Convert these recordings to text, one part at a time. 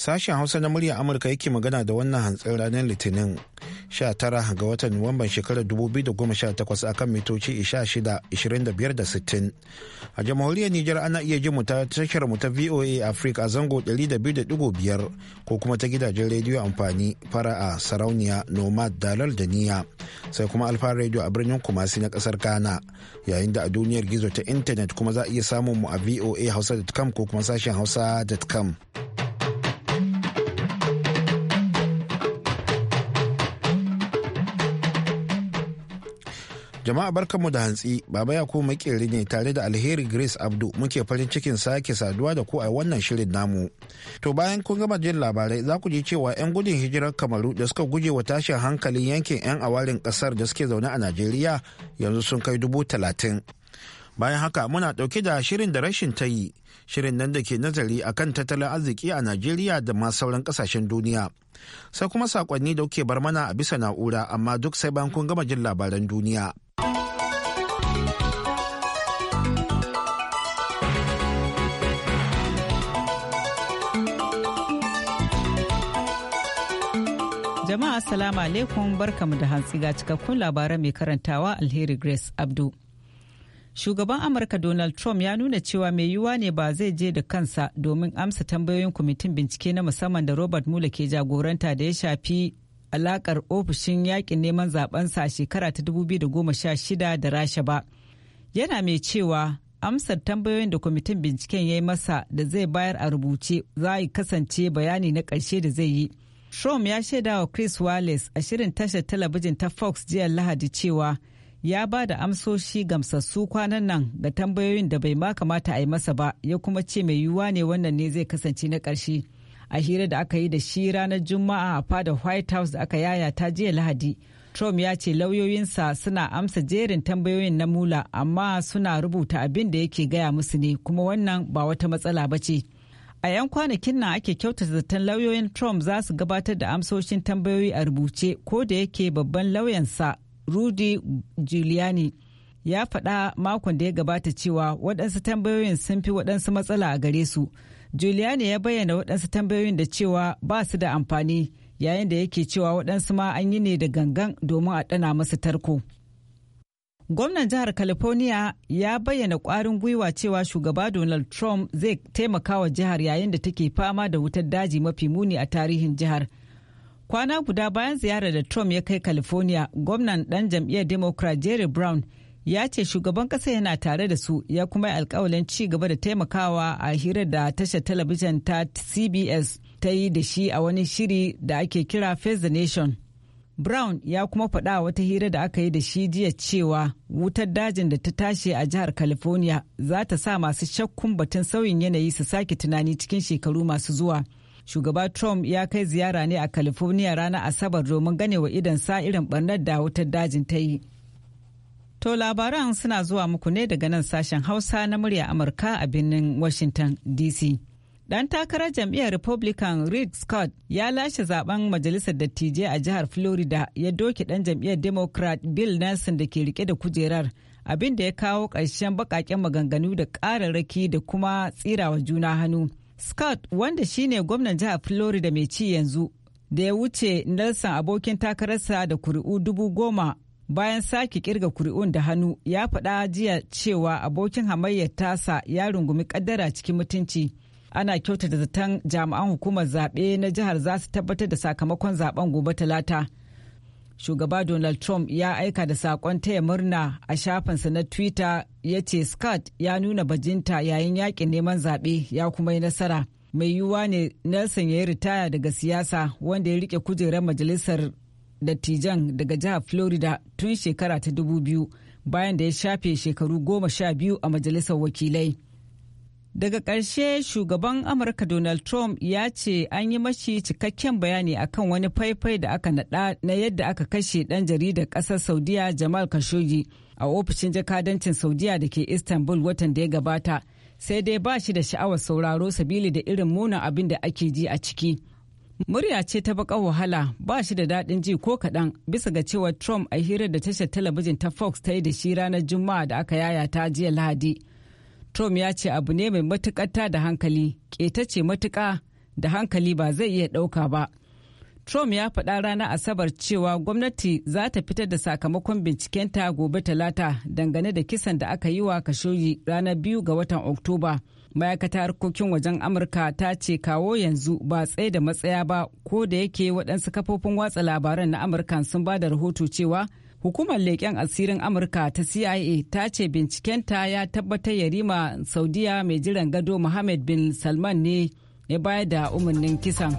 Sashen Hausa na murya Amurka yake magana da wannan hantsin ranar Litinin 19 ga watan Nuwamban shekarar 2018 akan mitoci 16, 25 da 60. A jamhuriyar Nijar ana iya jin mu ta tashar mu ta VOA Africa a zango 200.5 ko kuma ta gidajen rediyo amfani fara a sarauniya nomad dalar da niya sai kuma alfa radio a birnin kumasi na kasar Ghana yayin da a duniyar gizo ta intanet kuma za a iya samun mu a voa hausa.com ko kuma sashen hausa.com. Jama'a barkanmu da hantsi, Baba ya kuma makeri ne tare da Alheri Grace Abdu muke farin cikin sake saduwa da ku a wannan shirin namu. To bayan kun gama jin labarai za ku ji cewa 'yan gudun hijirar Kamaru da suka guje wa tashin hankalin yankin 'yan awarin kasar da suke zaune a Najeriya yanzu sun kai dubu talatin. bayan haka muna ɗauke da shirin da rashin ta yi shirin nan da ke nazari akan tattalin arziki a najeriya da ma sauran kasashen duniya sai kuma sakonni da kuke bar mana a bisa na'ura amma duk sai bayan kun gama jin labaran duniya jama'a assalamu alaikum barkamu da hantsi ga cikakkun labaran mai karantawa alheri grace abdu shugaban amurka donald trump ya nuna cewa mai yiwuwa ne ba zai je da kansa domin amsa tambayoyin kwamitin bincike na musamman da robert mueller ke jagoranta da ya shafi alakar ofishin yakin neman zabensa a shekara ta 2016 da rasha ba yana mai cewa amsar tambayoyin da kwamitin binciken ya yi masa da zai bayar a rubuce za a kasance bayani na karshe da zai yi trump ya shaidawa chris wallace a shirin tashar talabijin ta fox jiya lahadi cewa ya ba da amsoshi gamsassu kwanan nan ga tambayoyin da bai ma kamata a yi masa ba ya kuma ce mai yiwuwa ne wannan ne zai kasance na ƙarshe a hira da aka yi da shi ranar juma'a a fadar white house da aka yaya ta jiya lahadi trump ya ce lauyoyinsa suna amsa jerin tambayoyin na mula amma suna rubuta abin da yake gaya musu ne kuma wannan ba wata matsala ba ce a 'yan kwanakin nan ake kyautata zaton lauyoyin trump za su gabatar da amsoshin tambayoyi a rubuce ko da yake babban lauyansa Rudy Giuliani ya faɗa makon da ya gabata cewa waɗansu tambayoyin sun fi waɗansu matsala a gare su. Giuliani ya bayyana waɗansu tambayoyin da cewa ba su da amfani yayin da yake cewa waɗansu ma an yi ne da gangan domin a ɗana masu tarko. Gwamnan jihar California ya bayyana kwarin gwiwa cewa shugaba Donald Trump zai taimaka wa jihar yayin da take fama da wutar daji mafi muni a tarihin jihar. kwana guda bayan ziyarar da trump ya kai california gwamnan dan jam'iyyar democrat jerry brown ya ce shugaban kasa yana tare da su ya kuma yi alkawalin ci gaba da taimakawa a hirar da tashar talabijin ta cbs ta yi da shi a wani shiri da ake kira face the nation brown ya kuma faɗa wata hira da aka yi da shi jiya cewa wutar dajin da ta tashi a jihar california za ta sa masu shakkun batun sauyin yanayi su sake tunani cikin shekaru masu zuwa. shugaba trump ya kai ziyara ne a california ranar asabar domin gane wa idan sa irin barnar da wutar dajin ta yi to labaran suna zuwa muku ne daga nan sashen hausa na murya amurka a birnin washington dc Dan takarar jam'iyyar Republican Rick Scott ya lashe zaben majalisar dattijai a jihar Florida ya doke dan jam'iyyar Democrat Bill Nelson da ke rike da kujerar abin da ya kawo ƙarshen bakaken maganganu da ƙararraki da kuma tsirawa juna hannu. Scott wanda shine gwamnan jihar Florida mai ci yanzu da ya wuce Nelson abokin takararsa da kuri'u dubu goma bayan sake kirga kuri'un da hannu ya faɗa jiya cewa abokin hamayyar tasa ya rungumi kaddara cikin mutunci. Ana kyautata zaton jami'an hukumar zaɓe na jihar za su tabbatar da sakamakon zaben gobe talata. shugaba Donald Trump ya aika da saƙon taya murna a shafinsa na Twitter ya ce Scott ya nuna bajinta yayin yakin neman zaɓe ya kuma yi nasara. Mai yiwuwa ne Nelson ya yi ritaya daga siyasa wanda ya rike kujerar majalisar dattijan daga jihar Florida tun shekara ta dubu biyu bayan da ya shafe shekaru goma sha biyu a majalisar wakilai. daga ƙarshe shugaban amurka donald trump ya ce an yi mashi cikakken bayani akan wani faifai da aka naɗa na yadda aka kashe ɗan jaridar ƙasar saudiya jamal khashoggi a ofishin jakadancin saudiya da ke istanbul watan da ya gabata sai dai ba shi da sha'awar sauraro sabili da irin munin abin da ake ji a ciki murya ce ta baka wahala ba shi da daɗin ji ko kaɗan bisa ga cewa trump a hirar da tashar talabijin ta fox ta yi da shi ranar juma'a da aka yayata jiya lahadi Trump ya ce abu ne mai matukata da hankali, ƙeta ce matuƙa da hankali ba zai iya ɗauka ba. Trump ya faɗa ranar Asabar cewa gwamnati za ta fitar da sakamakon binciken ta gobe talata dangane da kisan da aka yi wa kashoyi ranar biyu ga watan Oktoba. ma'aikata harkokin wajen Amurka ta ce kawo yanzu ba tsaye da matsaya ba ko da yake waɗansu kafofin watsa labaran na Amurka sun ba da rahoto cewa Hukumar leƙen asirin Amurka ta CIA ta ce binciken ta ya tabbatar yarima Saudiya mai jiran gado Mohammed bin Salman ne ya bayar da umarnin kisan.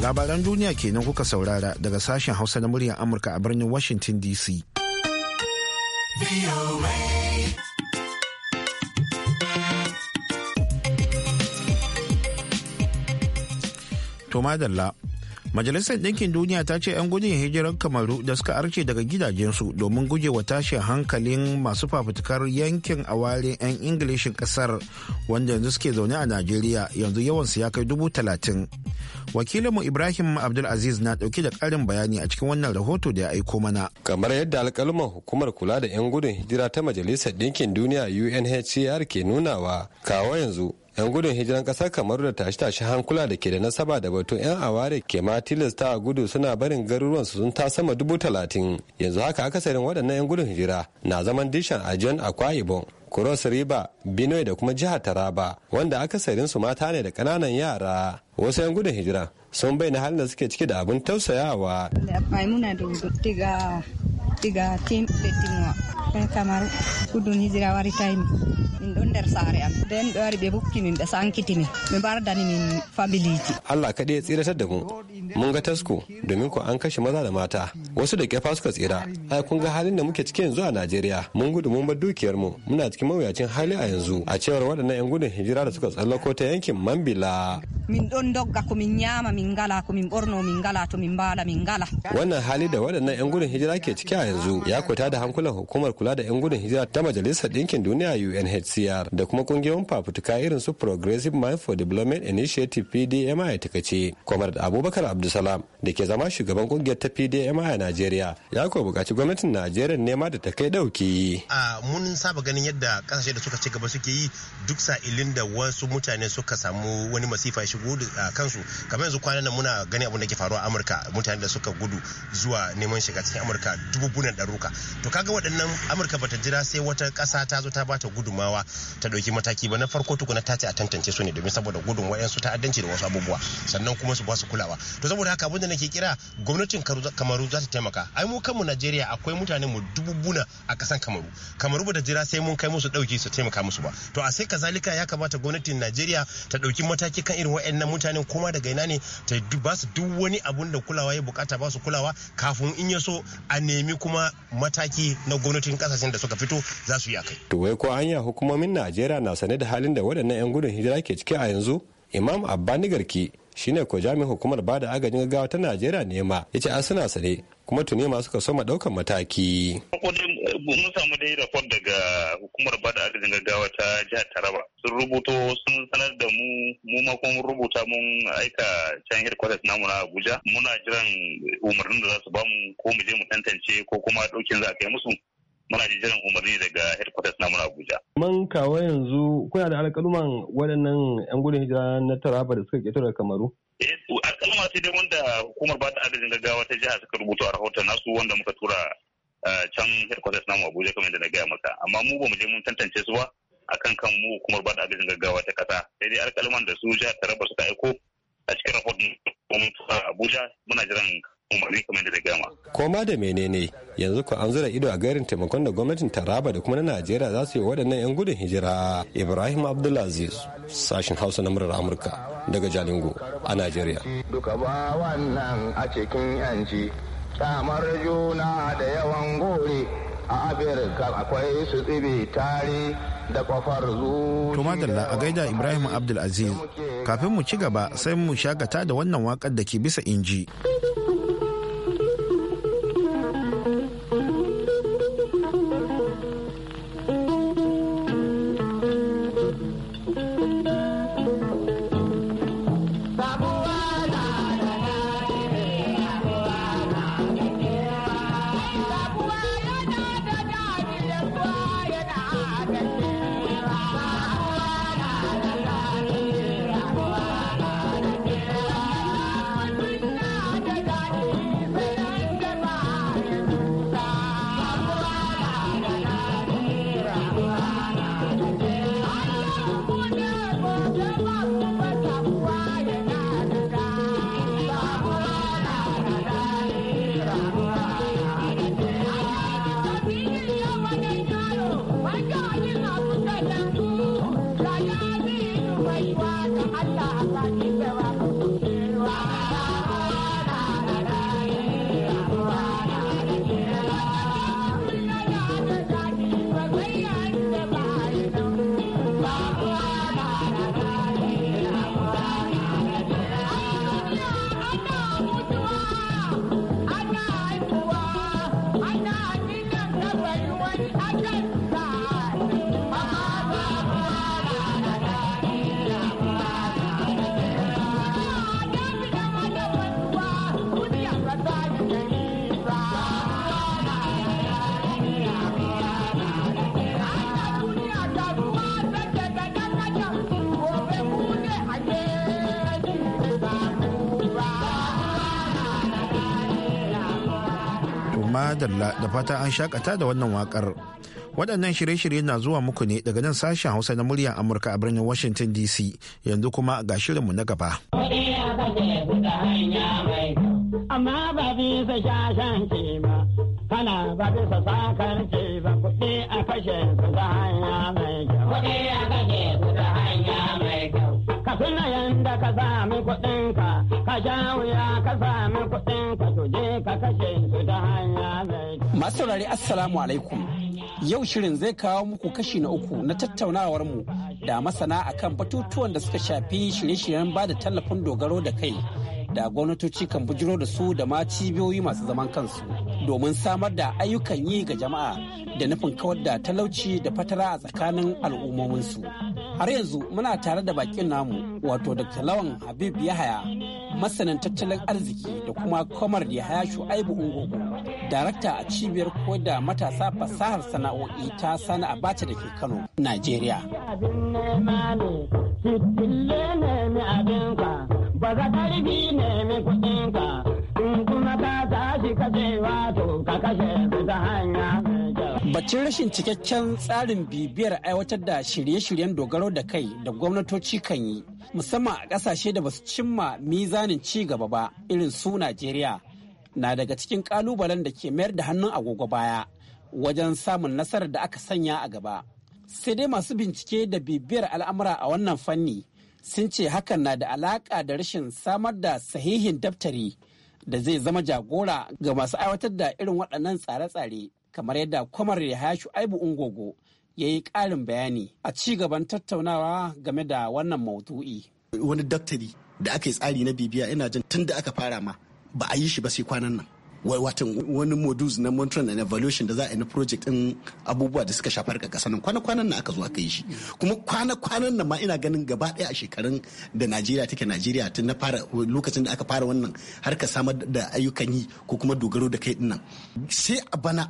Labaran duniya kenan kuka saurara daga sashen Hausa na muryar Amurka a birnin Washington DC. To madalla Majalisar Ɗinkin Duniya ta ce 'yan gudun hijirar Kamaru da suka arce daga gidajensu domin gujewa tashin hankalin masu fafutukar yankin a aware 'yan Ingilishin ƙasar wanda yanzu suke zaune a Najeriya yanzu yawansu ya kai dubu talatin. Wakilinmu Ibrahim Abdulaziz na ɗauke da karin bayani a cikin wannan rahoto da ya aiko mana. Kamar yadda alƙaluman hukumar kula da 'yan gudun hijira ta Majalisar Ɗinkin Duniya UNHCR ke nunawa, kawo yanzu 'yan gudun hijiran kasar kamar da tashi tashi hankula da ke da nasaba da batun 'yan aware ke ma tilasta a gudu suna barin garuruwan su sun ta sama dubu talatin yanzu haka akasarin waɗannan 'yan gudun hijira na zaman dishan ajiyan akwa ibon cross river benue da kuma jihar taraba wanda akasarin su mata ne da kananan yara wasu 'yan gudun hijira sun bai na halin da suke ciki da abin tausayawa. Maimuna da tiga tiga tim ɓe camaru gudun hijira wari taymi min ɗon nder saare am nden ɓe wari ɓe bukkinin ɓe sankitinin ɓe mbardani min familiji allah kadi ya tsiratar da mu mun ga tasko domin ku an kashe maza da mata wasu da kefa suka tsira ai kun ga halin da muke ciki yanzu a Najeriya mun gudu mun bar dukiyar mu muna cikin mawuyacin hali a yanzu a cewar waɗannan yan gudun hijira da suka tsallako ta yankin Mambila min don dogga ko min nyama min gala ko min borno min gala to min bala min gala wannan hali da waɗannan yan gudun hijira ke ciki a yanzu ya kwata da hankulan hukumar kula da yan gudun hijira ta Majalisar Ɗinkin Duniya UNHCR da kuma kungiyoyin fafutuka irin su Progressive Mind for Development Initiative PDMI ta kace Kwamar Abubakar abdulsalam da ke zama shugaban kungiyar ta pdmi a najeriya ya kuwa bukaci gwamnatin najeriya nema da ta kai dauki a mun saba ganin yadda kasashe da suka ci gaba suke yi duk sa'ilin da wasu mutane suka samu wani masifa ya shigo da kansu kamar yanzu kwanan nan muna gani abin da ke faruwa a amurka mutane da suka gudu zuwa neman shiga cikin amurka dububunan ɗaruka to kaga waɗannan amurka bata jira sai wata ƙasa ta zo ta bata gudumawa ta ɗauki mataki ba na farko tukuna ta ce a tantance su ne domin saboda gudun ta ta'addanci da wasu abubuwa sannan kuma su ba su kulawa to saboda haka abinda da nake kira gwamnatin kamaru za ta taimaka ai mu kanmu najeriya akwai mutane mu buna a kasan kamaru kamaru bata jira sai mun kai musu dauki su taimaka musu ba to a sai kazalika ya kamata gwamnatin najeriya ta dauki mataki kan irin waɗannan mutane kuma daga ina ne ta ba su duk wani abun da kulawa ya bukata ba su kulawa kafin in ya so a nemi kuma mataki na gwamnatin kasashen da suka fito za su yi akai to wai ko hanya hukumomin najeriya na sane da halin da waɗannan 'yan gudun hijira ke ciki a yanzu imam abba nigarki shine ko jami'in hukumar bada agajin gaggawa ta najeriya nema ya ce an suna sane kuma tuni masu ka ma daukan mataki. mun samu dai rafon daga hukumar bada agajin gaggawa ta jihar taraba sun rubuto sun sanar da mu mu ma kuma mun rubuta mun aika can headquarters namu na abuja muna jiran umarnin da za su bamu ko mu je mu tantance ko kuma daukin za a kai musu muna jiran umarni daga headquarters na muna Abuja. Man kawo yanzu kuna da alƙaluman waɗannan 'yan gudun hijira na Taraba da suka ƙetare Kamaru? Eh, alƙaluma sai dai wanda hukumar ba ta adadin gaggawa ta jiha suka rubuta a rahoton nasu wanda muka tura eh, can headquarters namu Abuja kamar yadda na gaya maka. Amma mu ba mu je mun tantance su ba akan kan mu hukumar ba ta adadin gaggawa ta kasa Sai dai alƙaluman da su jihar Taraba suka aiko a cikin rahoton mun tura Abuja muna jiran umarni kamar da gama. Koma da menene yanzu ko an zura ido a garin taimakon da gwamnatin Taraba da kuma na Najeriya za su yi waɗannan 'yan gudun hijira. Ibrahim Abdulaziz sashin Hausa na murar Amurka daga Jalingo a Najeriya. Duka ba wannan a cikin yanci kyamar juna da yawan gore a Afirka akwai su tsibi tare da kwafar zuwa. Tumadalla a gaida Ibrahim Abdulaziz kafin mu ci gaba sai mu shakata da wannan wakar da ke bisa inji. madalla da fata an shakata da wannan wakar waɗannan shirye-shirye na zuwa muku ne daga nan sashen hausa na muryar amurka a birnin washington dc yanzu kuma ga shirinmu na gaba amma ba bisa ba kana a mai ka yanda ka kuɗinka wuya ka sami kuɗin to je ka kashe su da hanya Masu saurari Assalamu alaikum. Yau shirin zai kawo muku kashi na uku na tattaunawar mu da masana akan batutuwan da suka shafi shirye-shiryen ba da tallafin dogaro da kai da gwamnatoci kan bujiro da su da ma cibiyoyi masu zaman kansu domin samar da ayyukan yi ga jama'a da nufin kawar da talauci da fatara a tsakanin al'ummominsu. Har yanzu muna tare da bakin namu wato Dr. Lawan Habib Yahaya masanin tattalin arziki da kuma Kwamar Yahaya Shu'aibu Ungogo darakta a cibiyar koda da matasa fasahar sana'o'i ta sana abacha da ke kano najeriya Bacin rashin cikakken tsarin bibiyar aiwatar da shirye-shiryen dogaro da kai da gwamnatoci kan yi, musamman a ƙasashe da basu cimma mizanin ci gaba ba irin su Najeriya. na daga cikin kalubalen da ke mayar da hannun agogo baya wajen samun nasarar da aka sanya a gaba sai dai masu bincike da bibiyar al'amura a wannan fanni sun ce hakan na da alaƙa da rashin samar da sahihin daftari da zai zama jagora ga masu aiwatar da irin waɗannan tsare-tsare kamar yadda kwamar Yahaya Aibu Ungogo ya yi ƙarin bayani a ci gaban tattaunawa game da wannan maudu'i. Wani daftari da aka yi tsari na bibiya ina jin tun da aka fara ma ba a yi shi ba sai kwanan nan watan wani modus na monitoring and evaluation da za a yi na project din abubuwa da suka shafar ka kasa nan kwana-kwanan na aka zo aka yi shi kuma kwana-kwanan na ma ina ganin gaba daya a shekarun da Najeriya take Najeriya tun na fara lokacin da aka fara wannan har ka samar da ayyukan yi ko kuma dogaro da kai dinnan sai a bana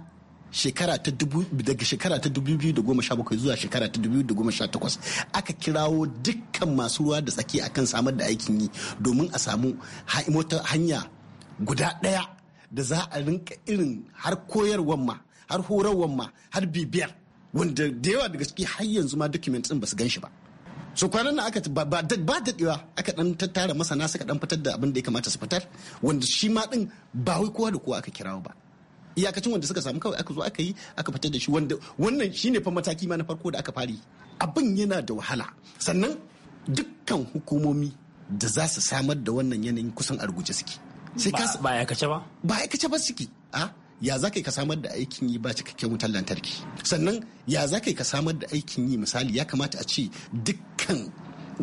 shekara ta dubu daga shekara ta dubu biyu da goma sha bakwai zuwa shekara ta dubu da goma sha takwas aka kirawo dukkan masu ruwa da tsaki akan samar da aikin yi domin a samu wata hanya guda ɗaya da za a rinka irin har koyarwar ma har horarwar ma har bibiyar wanda da yawa daga ciki har yanzu ma document ɗin ba su gan shi ba so kwanan nan aka ba dadewa aka ɗan tattara masana suka ɗan fitar da abin da ya kamata su fitar wanda shi ma ɗin ba wai kowa da kowa aka kirawo ba iyakacin wanda suka samu kawai aka zo aka yi aka fitar da shi wanda wannan shine fa mataki ma na farko da aka fari abin yana da wahala sannan dukkan hukumomi da za su samar da wannan yanayin kusan a rubuce suke sai ka ba aikace ba ba aikace ba suke ya za ka samar da aikin yi ba cikakken wutar lantarki sannan ya za ka samar da aikin yi misali ya kamata a ce dukkan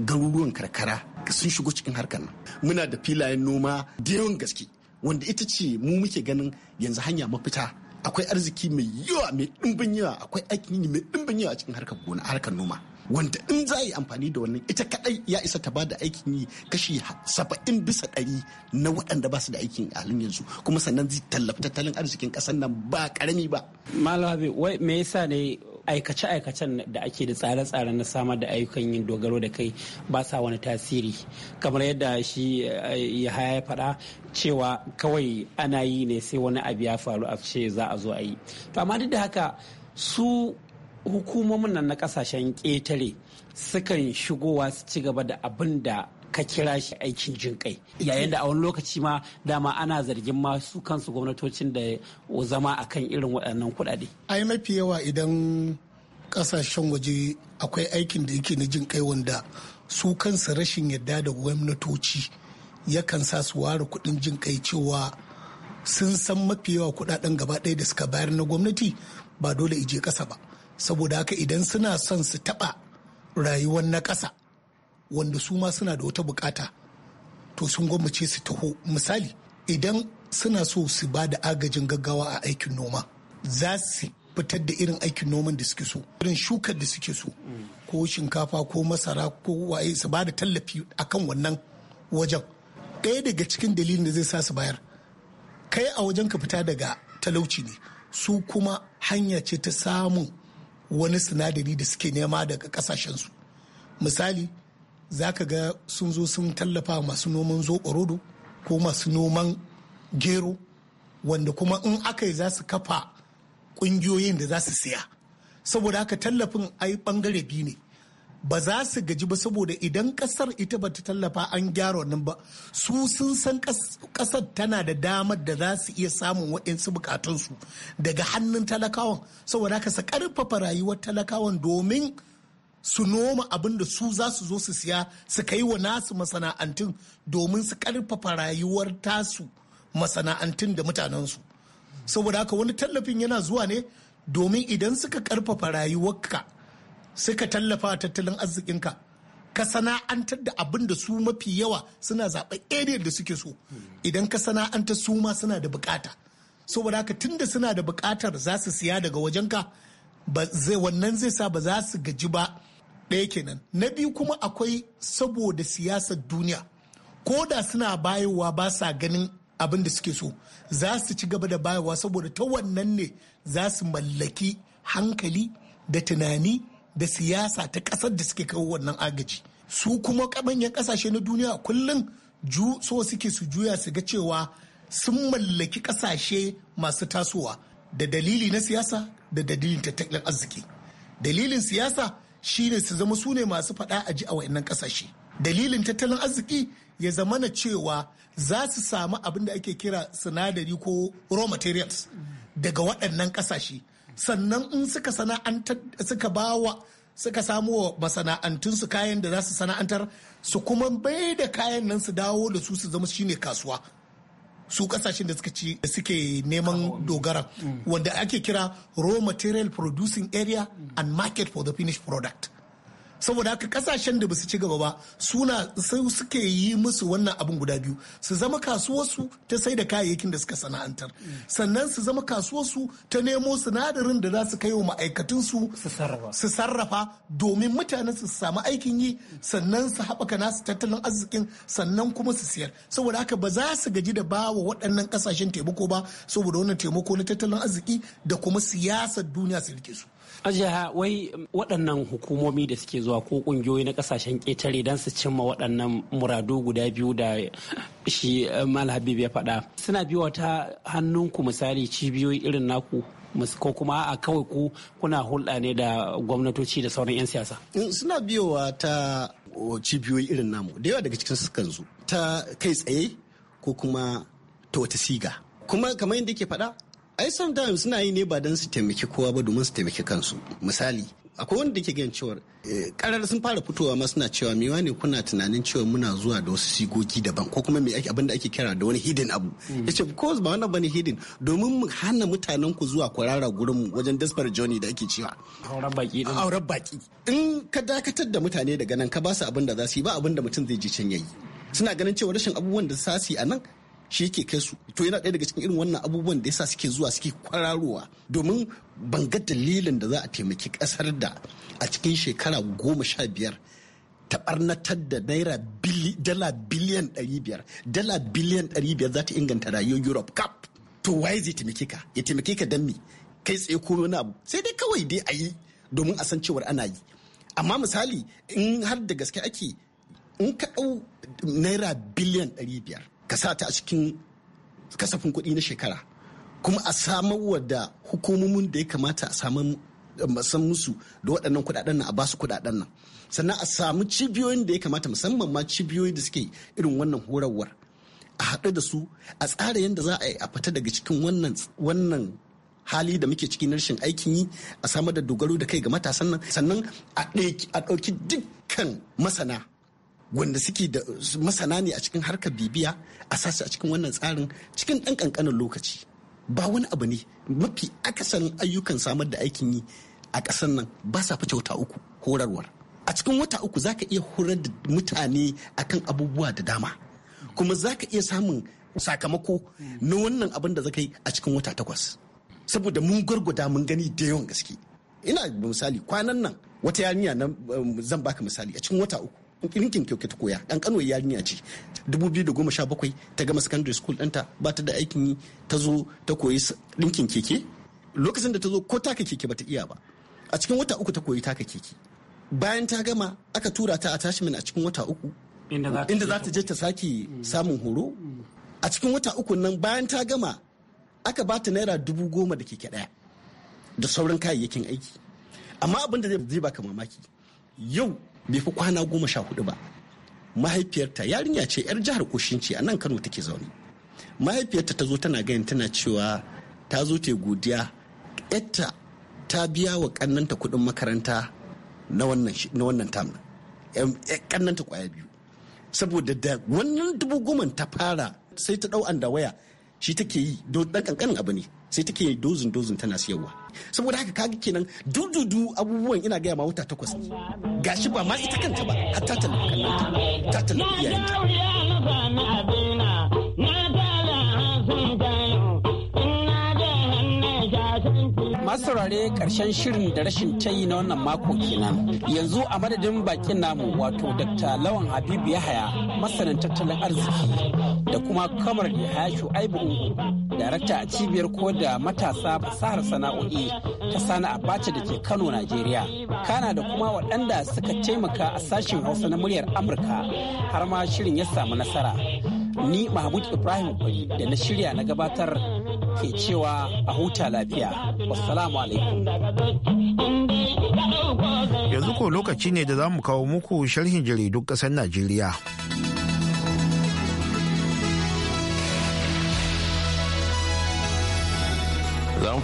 garuruwan karkara sun shigo cikin harkar nan muna da filayen noma da yawan gaske wanda ita ce mu muke ganin yanzu hanya mafita akwai arziki mai yawa mai dimbin yawa akwai aikin yi mai dimbin yawa a cikin harkar gona harkar noma wanda in za a yi amfani da wannan ita kadai ya isa ta ba da aikin yi kashi saba'in bisa ɗari na waɗanda ba su da aikin a halin yanzu kuma sannan zai tallafi tattalin arzikin ƙasar nan ba ƙarami ba. Malam Habib wai me yasa ne aikace-aikacen da ake da tsare-tsare na samar da ayyukan yin dogaro da kai ba sa wani tasiri kamar yadda shi eh, ya haya ya faɗa cewa kawai ana yi ne sai wani abu ya faru a ce za a zo a yi to amma duk da haka su hukumomin nan na kasashen ƙetare sukan shigowa su ci gaba da abin da ka kira shi aikin jin kai yayin da a wani lokaci ma dama ana zargin masu kansu gwamnatocin da zama akan irin waɗannan kuɗaɗe. ai mafi yawa idan ƙasashen waje akwai aikin da yake na jin kai wanda su kansu rashin yadda da gwamnatoci yakan sa su ware kuɗin jin kai cewa sun san mafi yawa kuɗaɗen gaba ɗaya da suka bayar na gwamnati ba dole ije ƙasa ba saboda haka idan suna son su taɓa rayuwar na ƙasa wanda su ma suna da wata bukata to sun gwammace su taho misali idan suna so su ba da agajin gaggawa a aikin noma za su fitar da irin aikin noman da suke so irin shukar da suke so ko shinkafa ko masara ko waye su ba da tallafi akan wannan wajen ɗaya daga cikin dalilin da zai sa su bayar kai a wajen ka fita daga talauci ne su kuma hanya ce ta samun wani sinadari da suke nema daga kasashensu misali za ka ga sun zo sun tallafa masu noman zoɓarodo ko masu noman gero wanda kuma in aka yi za su kafa ƙungiyoyin da za su siya saboda haka tallafin ai bangare biyu ne ba za su gaji ba saboda idan kasar ita ba ta tallafa an gyara wannan ba su sun san kasar tana da damar da za su iya samun waɗansu bukatunsu daga hannun talakawan saboda haka su karfafa rayuwar talakawan domin su noma abin da su za su zo su siya su kai wa nasu masana'antun domin su karfafa rayuwar tasu masana'antun da mutanensu saboda haka wani tallafin yana zuwa ne domin idan suka karfafa rayuwarka suka tallafa tattalin arzikinka ka sana'antar da abin da su mafi yawa suna zaɓa area da suke so idan ka sana'antar su ma suna da bukata saboda haka da suna da bukatar za su siya daga wajenka wannan zai sa ba za su gaji ba ɗaya kenan na biyu kuma akwai saboda siyasar duniya ko da suna bayowa ba sa ganin abin da suke so za su ci gaba da bayowa saboda ta wannan ne za su mallaki hankali da tunani da siyasa ta kasar da suke kawo wannan agaji su kuma manyan kasashe na duniya kullum ju so suke su juya su ga cewa sun mallaki kasashe masu tasowa da dalili na siyasa da dalilin tattalin arziki dalilin siyasa shine su zama su ne masu faɗa a ji a wa'annan kasashe dalilin tattalin arziki ya zama na cewa za su samu abin da ake kira sinadari ko raw materials daga waɗannan ƙasashe sannan in suka sana'antar suka wa suka samu wa masana'antunsu kayan da za su sana'antar su kuma bai da kayan nan su dawo da su su zama shine kasuwa su kasashen da suke neman ah, oh. dogara mm. wanda ake kira raw material producing area and market for the finished product saboda haka kasashen da basu ci gaba ba suna suke yi musu wannan abin guda biyu su zama kasuwarsu ta sai da kayayyakin da suka sana'antar sannan su zama kasuwarsu ta nemo sinadarin da za su kai wa ma'aikatunsu su sarrafa domin mutanen su samu aikin yi sannan su haɓaka nasu tattalin arzikin sannan kuma su siyar saboda haka ba za su gaji da bawa waɗannan kasashen taimako ba saboda wannan taimako na tattalin arziki da kuma siyasar duniya su rike su Ajiya wai waɗannan hukumomi da suke zuwa ko ƙungiyoyi na ƙasashen ƙetare don su cimma waɗannan muradu guda biyu da shi eh, Mal ya faɗa. Suna biyo ta hannunku misali cibiyoyi irin naku ko kuma a kawai ku kuna hulɗa ne da gwamnatoci da sauran 'yan siyasa? Eh, suna biyowa ta cibiyoyi irin namu da yawa daga cikin sukan zo ta kai tsaye ko kuma ta wata siga. Kuma kamar yadda ke faɗa ai sometimes suna yi ne ba don su taimaki kowa ba domin su taimaki kansu misali akwai wanda ke gan cewar karar eh, sun fara fitowa ma suna cewa mewa ne kuna tunanin cewa muna zuwa da wasu sigogi daban ko kuma me abin da ake kira da wani hidin abu mm. ya ce ko ba wannan bane hidden domin mu hana mutanen ku zuwa kwarara gurin mu wajen desperate journey da ake cewa auren baki auren baki in ka dakatar da mutane daga nan ka ba su abin da za su yi ba abin da mutum zai ji can yayi suna ganin cewa rashin abubuwan da sasi su a nan shi yake kai su to yana ɗaya daga cikin irin wannan abubuwan da yasa suke zuwa suke kwararowa domin ban ga dalilin da za a taimaki ƙasar da a cikin shekara goma sha biyar ta barnatar da naira dala biliyan ɗari biyar dala biliyan ɗari biyar za ta inganta rayuwar europe cup to waye zai taimake ka ya taimake ka don me kai tsaye ko wani abu sai dai kawai dai a yi domin a san cewar ana yi amma misali in har da gaske ake in ka ɗau naira biliyan ɗari biyar. ka sa ta a cikin kasafin kuɗi na shekara kuma a samar da hukumomin da ya kamata a samu musu da waɗannan kuɗaɗen nan a basu kuɗaɗen nan sannan a samu cibiyoyin da ya kamata musamman ma cibiyoyin da suke irin wannan horarwar a haɗu da su a tsara yadda za a yi a fita daga cikin wannan wannan hali da muke cikin rashin aikin yi a samar da dogaro da kai ga matasan nan sannan a ɗauki dukkan masana wanda suke da masana ne a cikin harkar bibiya a sasu a cikin wannan tsarin cikin ɗan ƙanƙanin lokaci ba wani abu ne mafi akasarin ayyukan samar da aikin yi a ƙasar nan ba sa fice wata uku horarwar a cikin wata uku za ka iya horar da mutane akan abubuwa da dama kuma za ka iya samun sakamako na wannan abin da zaka yi a cikin wata takwas saboda mun gwargwada mun gani da yawan gaske ina misali kwanan nan wata yarinya na um, zan baka misali a cikin wata uku ninkin kyauke ta koya ɗan kanuwar yarinya ce 2017 ta gama secondary school ɗanta ba ta da aikin yi ta zo ta koyi ɗinkin keke lokacin da ta zo ko taka keke ba ta iya ba a cikin wata uku ta koyi taka keke bayan ta gama aka tura ta a tashimin a cikin wata uku inda za ta je ta sake samun horo a cikin wata uku nan bayan ta gama aka ba ta naira dubu goma da keke ɗaya da sauran kayayyakin aiki amma abin da zai baka mamaki yau bai fi kwana goma sha hudu ba mahaifiyarta yarinya ce yar jihar kushinci ce a nan kano take zaune mahaifiyarta ta zo tana ganin tana cewa ta zo ta godiya yarta ta biya wa kannanta kudin makaranta na wannan tamu kannanta kwaya biyu saboda da wannan dubu goma ta fara sai ta dau waya shi take yi dan kankanin abu ne sai take yi dozin dozin tana siyarwa saboda haka kaga kenan dududu abubuwan ina gaya ma wata takwas gashi ba ma ita kanta ba hatta talaka ta talaka iyayenta Masu saurare karshen shirin da rashin tayi na wannan mako kenan. Yanzu a madadin bakin namu wato Dr. Lawan Habibu Yahaya masanin tattalin arziki da kuma kamar Yahaya Shu'aibu darakta a cibiyar ko da matasa fasahar sana'o'i ta sana Abacha da ke Kano, Najeriya. Kana da kuma waɗanda suka taimaka a sashen Hausa na muryar Amurka har ma shirin ya samu nasara. Ni Mahmud Ibrahim Kwari da na shirya na gabatar ke cewa a huta lafiya. Wassalamu alaikum. Yanzu ko lokaci ne da za mu kawo muku sharhin jaridun ƙasar Najeriya.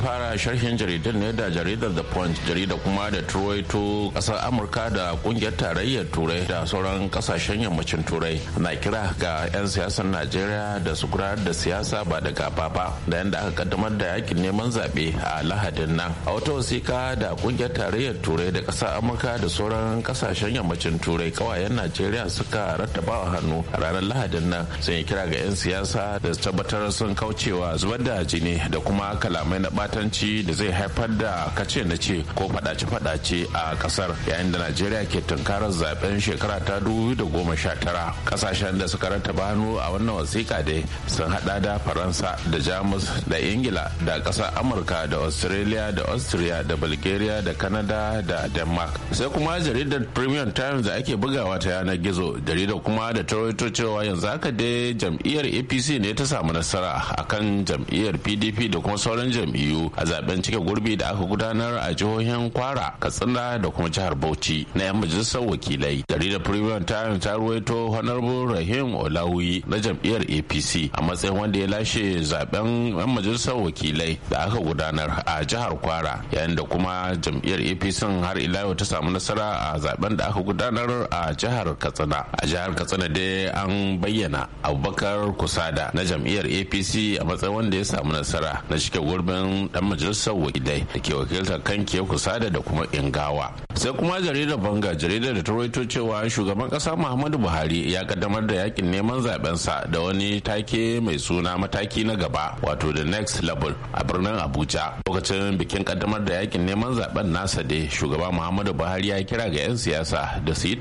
fara sharhin jaridar ne da jaridar The Punch, jarida kuma da turai to kasar Amurka da kungiyar tarayyar Turai da sauran kasashen yammacin Turai na kira ga 'yan siyasar Najeriya da su gudanar da siyasa ba da gaba ba da yadda aka kaddamar da yakin neman zaɓe a Lahadin nan. A wata wasiƙa da kungiyar tarayyar Turai da kasar Amurka da sauran kasashen yammacin Turai kawayen Najeriya suka rattaba wa hannu a ranar Lahadin nan sun yi kira ga 'yan siyasa da tabbatar sun kaucewa zubar da jini da kuma kalamai na batanci da zai haifar da kace na ce ko fadace-fadace a kasar yayin da najeriya ke tunkarar zaben shekara ta 2019 kasashen da suka rarta banu a wannan wasiƙa dai sun hada da faransa da jamus da ingila da kasar amurka da australia da austria da bulgaria da canada da denmark sai kuma jaridar premium times da ake bugawa ta yanar gizo jaridar kuma da ta cewa yanzu haka dai jam'iyyar apc ne ta samu nasara akan jam'iyyar pdp da kuma sauran jam'iyyu biyu a zaben cike gurbi da aka gudanar a jihohin kwara katsina da kuma jihar bauchi na 'yan majalisar wakilai jaridar premium time ta ruwaito honorable rahim olawi na jam'iyyar apc a matsayin wanda ya lashe zaben 'yan majalisar wakilai da aka gudanar a jihar kwara yayin da kuma jam'iyyar apc har ila yau ta samu nasara a zaben da aka gudanar a jihar katsina a jihar katsina dai an bayyana abubakar kusada na jam'iyyar apc a matsayin wanda ya samu nasara na cike gurbin dan majalisar wakilai da ke wakiltar kan ke kusada da kuma ingawa sai kuma jaridar banga jaridar da ta rawaito cewa shugaban kasa muhammadu buhari ya kaddamar da yakin neman sa da wani take mai suna mataki na gaba wato the next level a birnin abuja lokacin bikin kaddamar da yakin neman zaben nasa dai shugaba muhammadu buhari ya kira ga 'yan siyasa da su yi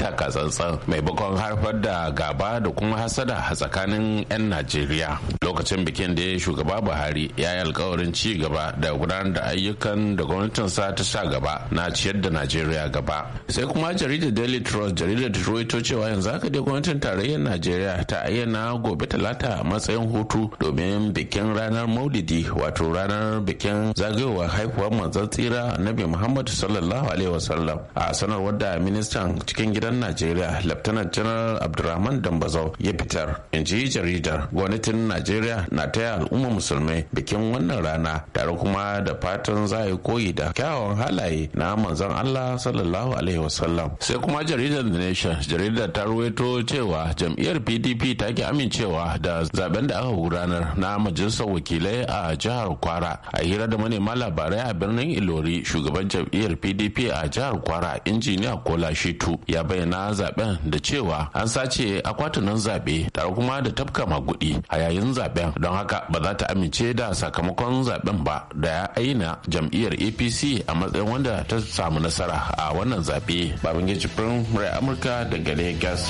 mai bakon harfar da gaba da kuma hasada a tsakanin 'yan najeriya lokacin bikin da shugaba buhari ya yi alkawarin ci gaba da gudanar da ayyukan da gwamnatin sa ta sa gaba na ciyar da najeriya gaba sai kuma jaridar daily trust jaridar detroit cewa yanzu haka dai gwamnatin tarayyar najeriya ta ayyana gobe talata a matsayin hutu domin bikin ranar maulidi wato ranar bikin zagayowar haihuwar manzon tsira nabi muhammad sallallahu alaihi wasallam a sanarwar da ministan cikin gidan najeriya lieutenant general abdulrahman dambazau ya fitar in ji jaridar gwamnatin najeriya na taya al'umma musulmai bikin wannan rana tare kuma da fatan za a yi koyi da kyawawan halaye na manzon Allah sallallahu alaihi wasallam sai kuma jaridar The Nation jaridar ta ruwaito cewa jam'iyyar PDP ta ki amincewa da zaben da aka gudanar na majalisar wakilai a jihar Kwara a hira da manema labarai a birnin Ilori shugaban jam'iyyar PDP a jihar Kwara injiniya Kola Shitu ya bayyana zaben da cewa an sace akwatunan zabe tare kuma da tafka magudi a yayin zaben don haka ba za ta amince da sakamakon zaben ba da ya aina jam'iyyar apc a matsayin wanda ta samu nasara a wannan zaɓe babangeji firin amurka daga lagos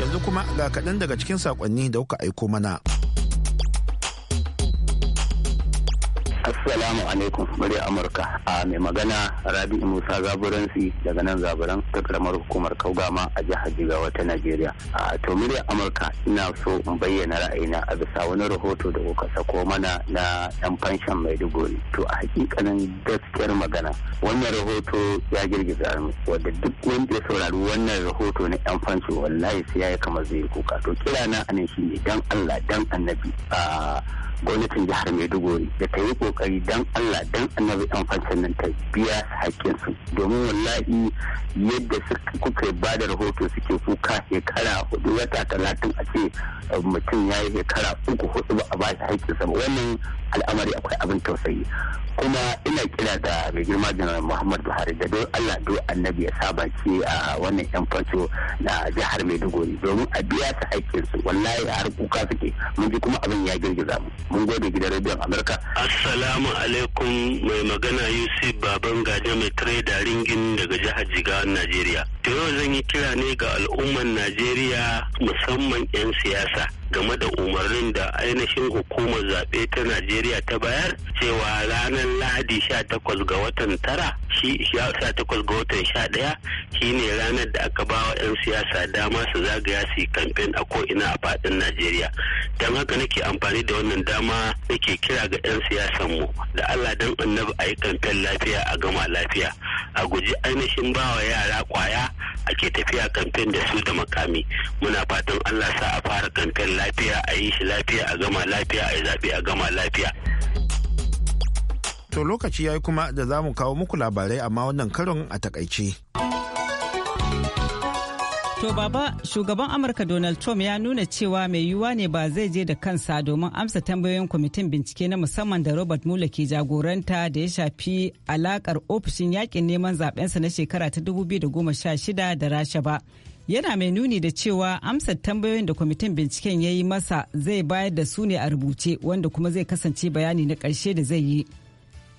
yanzu kuma ga kaɗan daga cikin saƙonni da kuka aiko mana Assalamu alaikum murya Amurka a mai magana Rabi'u Musa Zaburansi daga nan Zaburan ta karamar hukumar Kaugama a jihar Jigawa ta Najeriya. A to murya Amurka ina so in bayyana ra'ayina a bisa wani rahoto da kuka sako mana na yan fanshan Maiduguri. To a hakikanin gaskiyar magana wannan rahoto ya girgiza mu wanda duk wanda ya saurari wannan rahoto na ɗan fansho wallahi sai ya yi kamar zai kuka. To kira na anan shi ne dan Allah dan Annabi. gwamnatin jihar maiduguri da ta yi kokari dan allah dan annabi yan fansan nan ta biya haƙƙinsu domin wallahi yadda kuka ba da rahoto suke kuka shekara hudu wata talatin a ce eh, mutum ya yi shekara uku hudu ba a ba shi haƙƙinsa ba wannan al'amari akwai abin tausayi kuma ina kira da mai girma janar muhammad buhari da don allah don annabi ya saba ce a wannan yan fanto na jihar maiduguri domin a biya su haƙƙinsu wallahi har kuka suke mun ji kuma abin ya girgiza mu. mun gode gidan rediyon amurka assalamu alaikum mai magana yusuf baban gaja mai da ringin daga jihar jigawa najeriya To yau zan yi kira ne ga al'ummar Najeriya musamman 'yan siyasa game da umarnin da ainihin hukumar zaɓe ta Najeriya ta bayar cewa ranar Lahadi 18 ga watan tara shi 18 ga watan sha 11 ne ranar da aka ba wa 'yan siyasa dama su zagaya su yi kamfen a ko'ina a faɗin Najeriya. Don haka nake amfani da wannan dama nake kira ga 'yan mu da Allah don annabi a yi kamfen lafiya a gama lafiya a guji ainihin ba wa yara kwaya ake tafiya kamfen da su da makami muna fatan allah sa a fara kamfen lafiya a yi shi lafiya a gama lafiya a yi zaɓe a gama lafiya to lokaci ya yi kuma da za mu kawo muku labarai amma wannan karon a takaice. To baba shugaban Amurka Donald Trump ya nuna cewa mai yiwuwa ne ba zai je da kansa domin amsa tambayoyin kwamitin bincike na musamman da Robert Mueller ke jagoranta da ya shafi alakar ofishin yakin neman zabensa na shekara ta 2016 da Rasha ba. Yana mai nuni da cewa amsa tambayoyin da kwamitin binciken ya yi masa zai bayar da su ne a rubuce wanda kuma zai kasance bayani na ƙarshe da zai yi.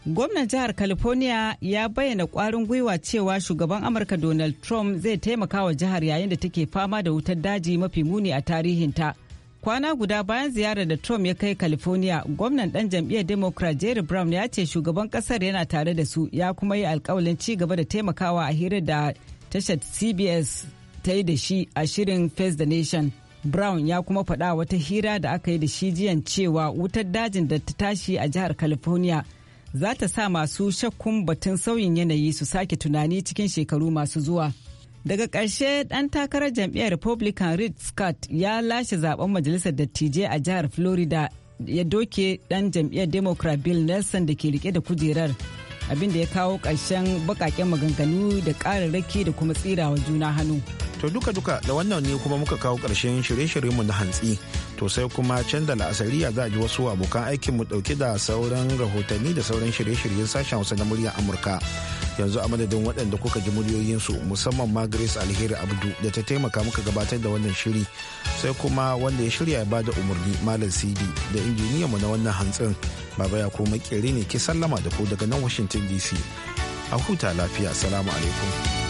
Gwamnan jihar California ya bayyana kwarin gwiwa cewa shugaban Amurka Donald Trump zai taimaka wa jihar yayin da take fama da wutar daji mafi muni a tarihinta. Kwana guda bayan ziyarar da Trump ya kai California, gwamnan ɗan jam'iyyar Democrat Jerry Brown ya ce shugaban ƙasar yana tare da su ya kuma yi alkawalin ci gaba da taimakawa a hirar da tashar CBS ta yi da shi a shirin Face the Nation. Brown ya kuma faɗa wata hira da aka yi da shi jiyan cewa wutar dajin da ta tashi a jihar California. za ta sa masu shakkun batun sauyin yanayi su sake tunani cikin shekaru masu zuwa. Daga ƙarshe ɗan takarar jam'iyyar Republican Reed Scott ya lashe zaben majalisar dattijai a jihar Florida ya doke ɗan jam'iyyar Democrat Bill Nelson da ke rike da kujerar. abinda ya kawo ƙarshen baƙaƙen maganganu da ƙararraki da kuma tsirawa juna hannu. To duka-duka da wannan ne kuma muka kawo ƙarshen shirye-shiryenmu na hantsi. To sai kuma can da la'asari a za a ji wasu abokan aikinmu ɗauke da sauran rahotanni da sauran shirye-shiryen sashen Hausa na muryar Amurka. yanzu a madadin waɗanda kuka ji muryoyinsu musamman ma grace alheri abdu da ta taimaka muka gabatar da wannan shiri sai kuma wanda ya shirya ya bada umarni malam cd da mu na wannan hantsin baba ya kuma ne ke sallama da ku daga nan washington dc a huta lafiya salamu alaikum